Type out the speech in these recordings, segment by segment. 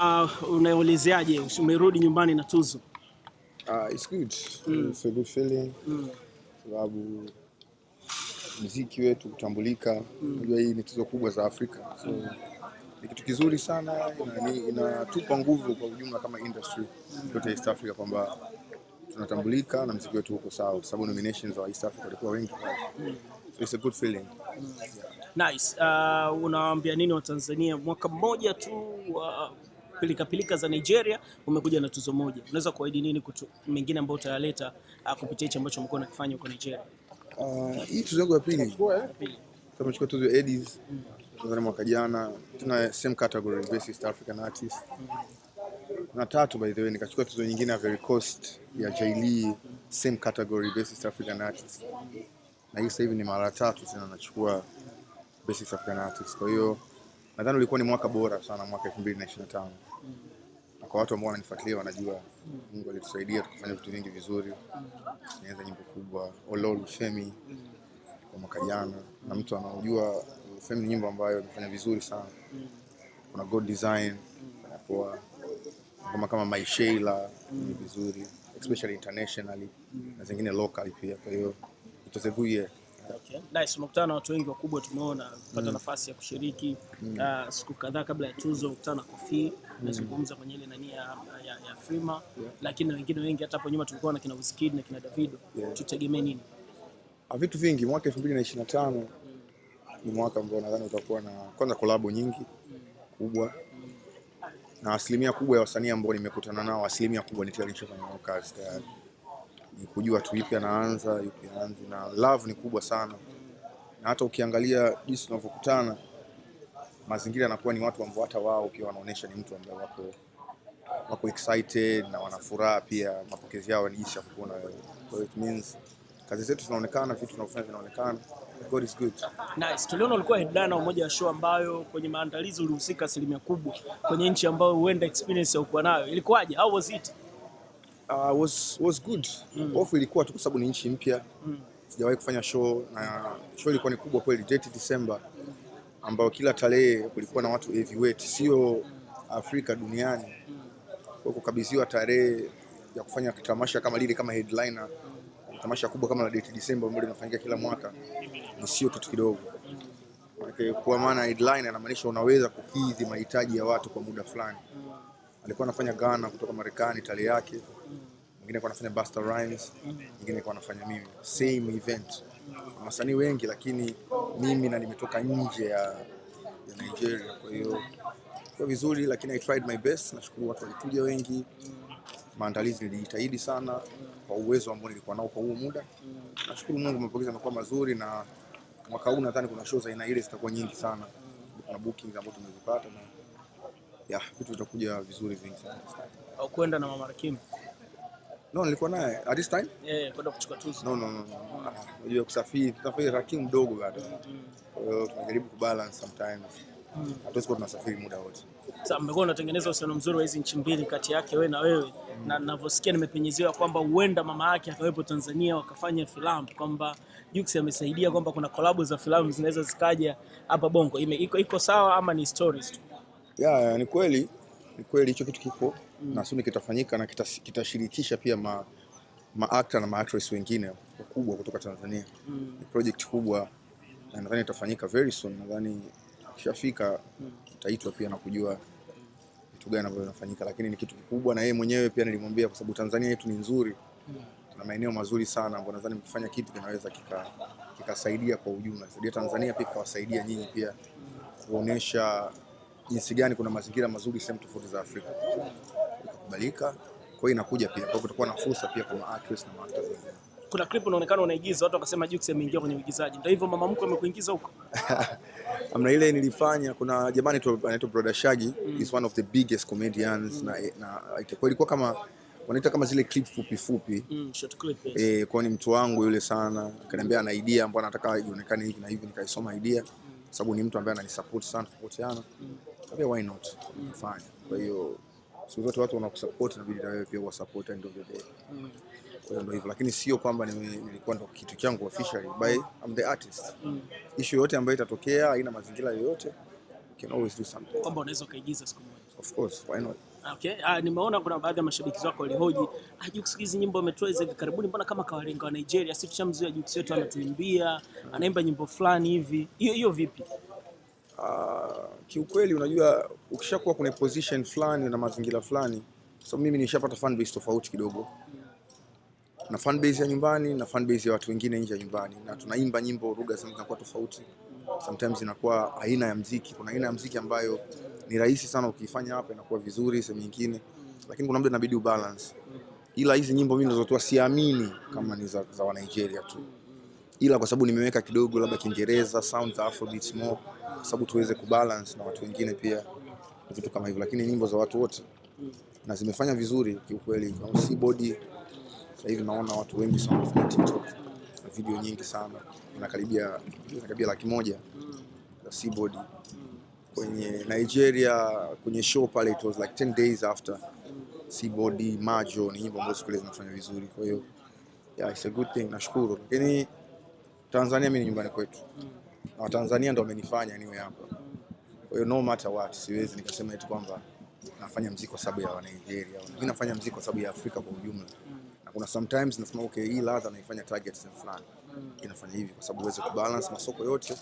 Uh, unaelezeaje umerudi nyumbani na tuzo? Uh, it's good. Mm. It's a good feeling. Mm. Sababu muziki wetu kutambulika, mm. unajua mm. hii ni tuzo kubwa za Afrika so, mm. ni kitu kizuri sana, ni, inatupa nguvu kwa ujumla kama industry mm. yote East Africa kwamba tunatambulika na muziki wetu uko sawa, sababu nominations za East Africa walikuwa wengi mm. so it's a good feeling. Mm. Yeah. Nice. Uh, unawaambia nini Watanzania mwaka mmoja tu uh, pilika pilika za Nigeria, umekuja na tuzo moja. Unaweza kuahidi nini kutu, mengine ambayo utayaleta ah, kupitia hicho ambacho umekuwa unakifanya huko Nigeria? Uh, hii tuzo yangu ya pili tumechukua tuzo ya Eddies Tanzania mwaka jana, tuna same category best East African artist na tatu by the way, nikachukua tuzo nyingine ya Very Coast ya Jaili, same category best East African artist, na hii sasa hivi ni mara tatu tena nachukua best East African artist, kwa hiyo nadhani ulikuwa ni mwaka bora sana mwaka 2025. Mm. Na kwa watu ambao wananifuatilia wanajua mm. Mungu alitusaidia tukafanya vitu vingi vizuri mm. Nianza nyimbo kubwa Ololu Femi mm. kwa mwaka jana mm. na mtu anaojua Femi ni nyimbo ambayo imefanya vizuri sana mm. Kuna God Design mm. kwa kama kama My Sheila mm. vizuri especially internationally mm. na zingine locally pia, kwa hiyo it was a good year yake. Nice, umekutana na watu wengi wakubwa, tumeona kupata mm. nafasi ya kushiriki mm. uh, siku kadhaa kabla ya tuzo kukutana na mm. nazungumza kwenye ile nani ya, ya, ya Frima yeah. Lakini na wengine wengi hata hapo nyuma tulikuwa na kina Wizkid na kina Davido yeah. Tutegemee nini? Ah, vitu vingi. Mwaka 2025 mm. ni mwaka ambao nadhani utakuwa na kwanza kolabo nyingi mm. kubwa mm. na asilimia kubwa ya wasanii ambao nimekutana nao, asilimia kubwa ni tayari nishafanya nao kazi tayari mm ni kujua tu ipi anaanza ipi anaanza, na love ni kubwa sana, na hata ukiangalia jinsi tunavyokutana mazingira yanakuwa ni watu ambao hata wao pia wanaonyesha ni mtu ambaye wako wako excited na wanafuraha pia, mapokezi yao ni jinsi ya kukuona wewe. So it means kazi zetu zinaonekana, vitu tunavyofanya vinaonekana. God is good. Nice. Tuliona ulikuwa headliner wa moja ya show ambayo kwenye maandalizi ulihusika asilimia kubwa kwenye nchi ambayo huenda experience ya ukuwa nayo ilikuwaje? How was it? uh, was was good. Mm. ilikuwa tu kwa sababu ni nchi mpya. Mm. Sijawahi kufanya show na show ilikuwa ni kubwa kweli date December ambayo kila tarehe kulikuwa na watu heavyweight sio Afrika duniani. Kwa kukabidhiwa tarehe ya kufanya tamasha kama lile kama headliner tamasha kubwa kama la date December ambalo linafanyika kila mwaka ni sio kitu kidogo. Kwa maana headliner inamaanisha unaweza kukidhi mahitaji ya watu kwa muda fulani. Alikuwa anafanya Ghana kutoka Marekani tarehe yake mwingine kwa anafanya Busta Rhymes, mwingine kwa anafanya mimi, same event. Wasanii wengi lakini mimi na nimetoka nje ya, ya Nigeria, kwa hiyo kwa vizuri, lakini I tried my best. Nashukuru watu walikuja wengi, maandalizi nilijitahidi sana kwa uwezo ambao nilikuwa nao kwa huo muda. Nashukuru Mungu, mapokezi yamekuwa mazuri, na mwaka huu nadhani kuna show za aina ile zitakuwa nyingi sana. Kuna bookings ambazo tumezipata na ya vitu vitakuja vizuri vingi sana. Au kwenda na Mama Rakim No, nilikuwa naye at this time. Yeah, yeah, kwenda kuchukua tuzo. No, no, no. Unajua kusafiri, tunafanya ranking mdogo bado. Mm-hmm. Kwa hiyo tunajaribu kubalance sometimes. Mm-hmm. Hatuwezi kuwa tunasafiri muda wote. Sasa mmekuwa unatengeneza uhusiano mzuri wa hizi nchi mbili kati yake wewe na wewe. Mm-hmm. Na ninavyosikia nimepenyezewa kwamba huenda mama yake akawepo Tanzania wakafanya filamu kwamba Jux amesaidia kwamba kuna collab za filamu zinaweza zikaja hapa Bongo. Iko iko sawa ama ni stories tu? Yeah, ni kweli. Ni kweli hicho kitu kiko mm. na suni kitafanyika na kitashirikisha kita pia ma, na maactress wengine wakubwa kutoka Tanzania mm. ni project kubwa na nadhani itafanyika very soon. Nadhani kishafika mm. itaitwa pia na kujua vitu gani ambavyo vinafanyika, lakini ni kitu kikubwa, na yeye mwenyewe pia nilimwambia, kwa sababu Tanzania yetu ni nzuri mm. na maeneo mazuri sana ambapo nadhani mkifanya kitu kinaweza kikasaidia kika kwa ujumla, saidia Tanzania pia, kawasaidia nyinyi pia mm. kuonesha jinsi gani kuna mazingira mazuri sehemu tofauti za Afrika ikakubalika. Kwa hiyo inakuja pia, kwa hiyo kutakuwa na fursa pia kwa actress na actors wengine. Kuna clip unaonekana unaigiza, watu wakasema Jux ameingia kwenye uigizaji, ndio hivyo mama mkwe amekuingiza huko amna ile nilifanya, kuna jamani tu anaitwa Brother Shaggy mm. is one of the biggest comedians mm. na na itakuwa ilikuwa kama wanaita kama zile clip fupi fupi mm, short clip, yes. Eh, kwa ni mtu wangu yule sana, akaniambia ana idea mbona anataka ionekane hivi na hivi, nikaisoma idea mm. sababu ni mtu ambaye ananisupport sana, tupotana mm. Kaambia why not? Fine. Kwa hiyo siku zote watu wanakusupport inabidi na wewe pia uwasupport end of the day. Kwa hiyo ndio hivyo, lakini sio kwamba nilikuwa ndo kitu changu officially by I'm the artist. Issue yote ambayo itatokea haina mazingira yoyote. Can always do something. Kwamba unaweza kaigiza siku moja. Of course, why not? Okay. Ah, nimeona kuna baadhi ya mashabiki zako walihoji, ah, Jux hizi nyimbo ametoa hizi karibuni, mbona kama kawalenga wa Nigeria, si tushamzoea Jux wetu anatuimbia, anaimba nyimbo fulani hivi. Hiyo hiyo vipi? Uh, kiukweli unajua ukishakuwa kuna position fulani na mazingira fulani, so mimi nishapata fan base tofauti kidogo na fan base ya nyumbani na fan base ya watu wengine nje ya nyumbani, na tunaimba nyimbo, lugha zinakuwa tofauti, sometimes inakuwa aina ya mziki. Kuna aina ya mziki ambayo ni rahisi sana ukifanya hapa inakuwa vizuri sehemu nyingine, lakini kuna muda inabidi ubalance. Ila hizi nyimbo mimi ninazotoa siamini kama ni za, za wa Nigeria tu ila kwa sababu nimeweka kidogo labda Kiingereza sound za afrobeat more, kwa sababu tuweze kubalance na watu wengine pia vitu kama hivyo, lakini nyimbo za watu wote na zimefanya vizuri kiukweli. Si body sasa hivi naona watu wengi sana wanafanya TikTok na video nyingi sana, inakaribia inakaribia laki moja za si body kwenye Nigeria kwenye show pale, it was like 10 days after si body majo, ni nyimbo ambazo kule zinafanya vizuri, kwa hiyo yeah, it's a good thing, nashukuru lakini Tanzania mimi ni nyumbani kwetu na Watanzania ndio wamenifanya niwe hapa. Kwa hiyo no matter what, siwezi nikasema eti kwamba nafanya mziki kwa sababu ya wa Nigeria. Mimi nafanya mziki kwa sababu ya Afrika kwa ujumla. Na kuna sometimes nasema okay, hii ladha naifanya target sehemu fulani. Inafanya hivi kwa sababu uweze kubalance masoko yote.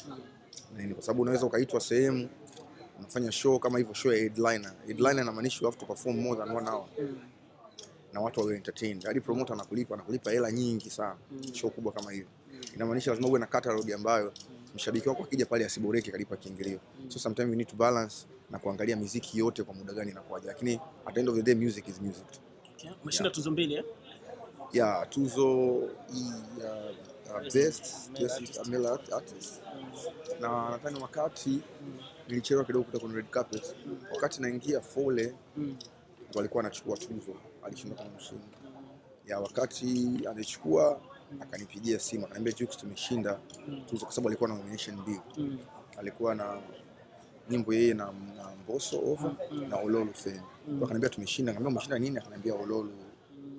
Na ni kwa sababu unaweza ukaitwa sehemu unafanya show kama hivyo show ya headliner. Headliner inamaanisha you have to perform more than one hour na watu wawe entertained. Hadi promoter anakulipa anakulipa hela nyingi sana mm. show kubwa kama hiyo mm. inamaanisha lazima uwe na catalog ambayo mshabiki wako akija pale asiboreke kalipa kiingilio mm. so sometimes you need to balance na kuangalia miziki yote kwa muda gani inakuaje, lakini at the end of the day music is music Okay. Umeshinda yeah. tuzo mbili eh? Yeah, tuzo hii ya uh, best male artist, artist. Mm. na nadhani wakati mm. nilichelewa kidogo kuta kwenye red carpet mm. wakati naingia Fole mm. walikuwa wanachukua tuzo alishinda kwa msimu ya wakati anachukua, akanipigia simu akaniambia Jux, tumeshinda tuzo, kwa sababu alikuwa na nomination mbili mm. alikuwa na nyimbo yeye na, na Mbosso Ova mm. na Ololu Femi mm. akaniambia tumeshinda, akaniambia umeshinda nini? Akaniambia Ololu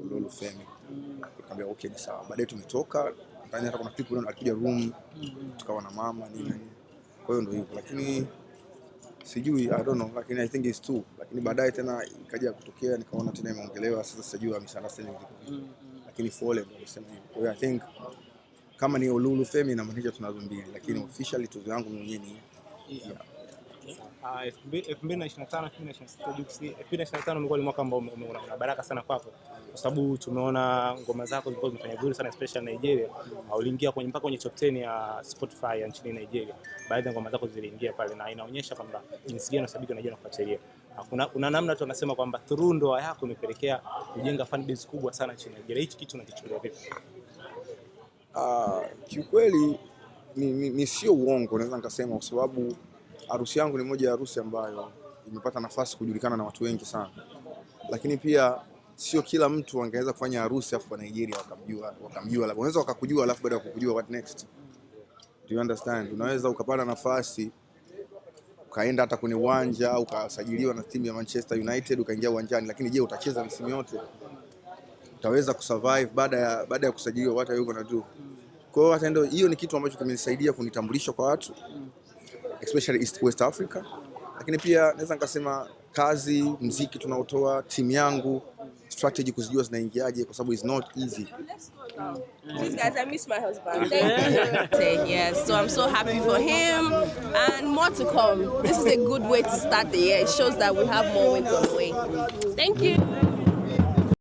Ololu Femi mm. akaniambia okay, ni sawa. Baadaye tumetoka ndani, hata kuna people alikuja room mm. tukawa na mama nini, mm. kwa hiyo ndio hivyo lakini sijui I don't know, lakini I think it's two, lakini baadaye tena ikaja kutokea nikaona tena imeongelewa sasa, sijui wa misunderstanding vipi mm -hmm. lakini ndio amesema hivyo, kwa hiyo I think kama ni Olulu Femi inamaanisha tunazo mbili, lakini mm. officially tuzo yangu mwenyewe ni yeah. yeah yake. Ah, na ishirini na tano elfu mbili na umekuwa ni mwaka ambao una baraka sana kwako, kwa sababu tumeona ngoma zako zilikuwa zimefanya vizuri sana especially Nigeria. Ah, uliingia kwenye mpaka kwenye top 10 ya Spotify ya nchini Nigeria, baadhi ya ngoma zako ziliingia pale, na inaonyesha kwamba jinsi gani washabiki wanajua na kufuatilia. Ah, kuna namna tu anasema kwamba through ndoa yako imepelekea kujenga fan base kubwa sana nchini Nigeria. Hichi kitu unakichukulia vipi? Ah, kiukweli ni, ni, ni sio uongo, naweza nikasema kwa sababu harusi yangu ni moja ya harusi ambayo imepata nafasi kujulikana na watu wengi sana, lakini pia sio kila mtu angeweza kufanya harusi afu kwa Nigeria wakamjua wakamjua, labda unaweza wakakujua, alafu baada ya kukujua, what next? Do you understand? Unaweza ukapata nafasi ukaenda hata kwenye uwanja ukasajiliwa na timu ya Manchester United ukaingia uwanjani, lakini je, utacheza msimu yote? Utaweza kusurvive baada ya baada ya kusajiliwa? What are you gonna do? Kwa hiyo hata ndio hiyo ni kitu ambacho kimenisaidia kunitambulisha kwa watu especially East West Africa, lakini pia naweza nikasema kazi, mziki tunaotoa, timu yangu, strategy kuzijua zinaingiaje, kwa sababu is not easy. Please guys, I miss my husband. Thank you. Yes, so I'm so happy for him and more to come. This is a good way to start the year. It shows that we have more wins on the way. Thank you.